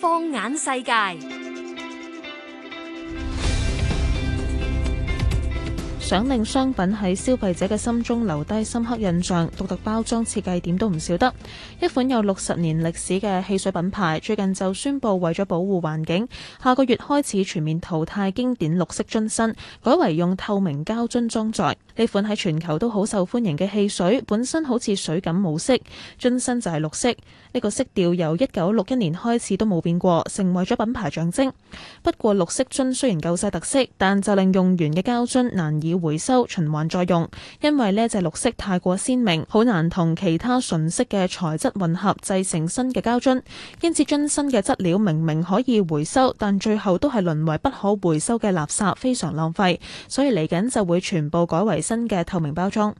放眼世界。想令商品喺消費者嘅心中留低深刻印象，獨特包裝設計點都唔少得。一款有六十年歷史嘅汽水品牌，最近就宣布為咗保護環境，下個月開始全面淘汰經典綠色樽身，改為用透明膠樽裝載。呢款喺全球都好受歡迎嘅汽水，本身好似水咁無色，樽身就係綠色。呢個色調由一九六一年開始都冇變過，成為咗品牌象徵。不過綠色樽雖然夠晒特色，但就令用完嘅膠樽難以回收循環再用，因為呢隻綠色太過鮮明，好難同其他純色嘅材質混合製成新嘅膠樽，因此樽身嘅質料明明可以回收，但最後都係淪為不可回收嘅垃圾，非常浪費。所以嚟緊就會全部改為新嘅透明包裝。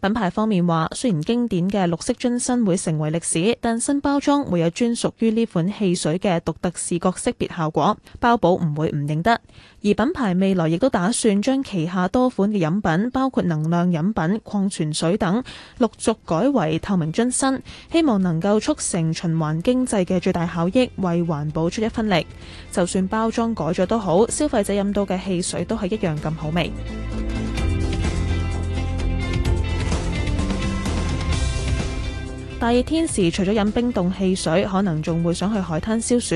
品牌方面話，雖然經典嘅綠色樽身會成為歷史，但新包裝會有專屬於呢款汽水嘅獨特視覺識別效果，包保唔會唔認得。而品牌未來亦都打算將旗下多款嘅飲品，包括能量飲品、礦泉水等，陸續改為透明樽身，希望能夠促成循環經濟嘅最大效益，為環保出一分力。就算包裝改咗都好，消費者飲到嘅汽水都係一樣咁好味。大熱天時，除咗飲冰凍汽水，可能仲會想去海灘消暑。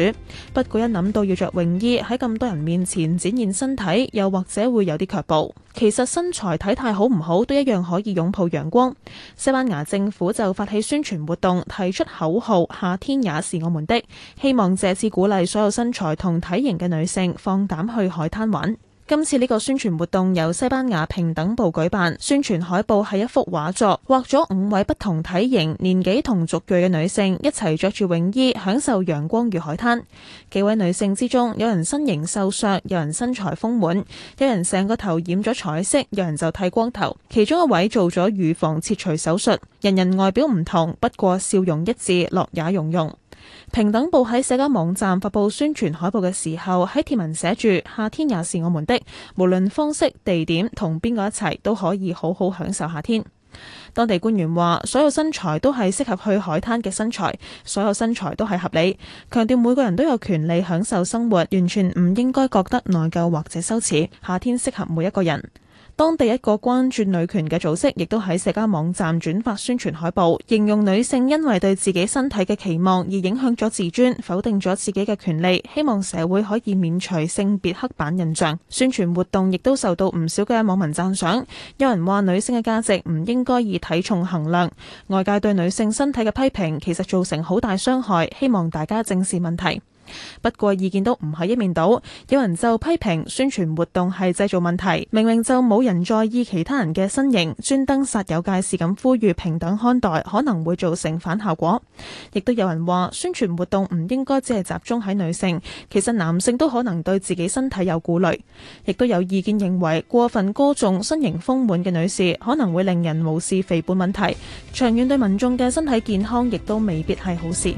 不過一諗到要着泳衣喺咁多人面前展現身體，又或者會有啲卻步。其實身材體態好唔好都一樣可以擁抱陽光。西班牙政府就發起宣傳活動，提出口號：夏天也是我們的，希望借此鼓勵所有身材同體型嘅女性放膽去海灘玩。今次呢個宣傳活動由西班牙平等部舉辦，宣傳海報係一幅畫作，畫咗五位不同體型、年紀同族裔嘅女性一齊着住泳衣，享受陽光與海灘。幾位女性之中，有人身形瘦削，有人身材豐滿，有人成個頭染咗彩色，有人就剃光頭。其中一位做咗預防切除手術，人人外表唔同，不過笑容一致，樂也融融。平等部喺社交網站發布宣傳海報嘅時候，喺貼文寫住：夏天也是我們的，無論方式、地點同邊個一齊，都可以好好享受夏天。當地官員話：所有身材都係適合去海灘嘅身材，所有身材都係合理，強調每個人都有權利享受生活，完全唔應該覺得內疚或者羞恥。夏天適合每一個人。當地一個關注女權嘅組織亦都喺社交網站轉發宣傳海報，形容女性因為對自己身體嘅期望而影響咗自尊，否定咗自己嘅權利。希望社會可以免除性別刻板印象。宣傳活動亦都受到唔少嘅網民讚賞，有人話女性嘅價值唔應該以體重衡量。外界對女性身體嘅批評其實造成好大傷害，希望大家正視問題。不過意見都唔係一面倒，有人就批評宣傳活動係製造問題，明明就冇人在意其他人嘅身形，專登煞有介事咁呼籲平等看待，可能會造成反效果。亦都有人話宣傳活動唔應該只係集中喺女性，其實男性都可能對自己身體有顧慮。亦都有意見認為，過分歌頌身形豐滿嘅女士可能會令人無視肥胖問題，長遠對民眾嘅身體健康亦都未必係好事。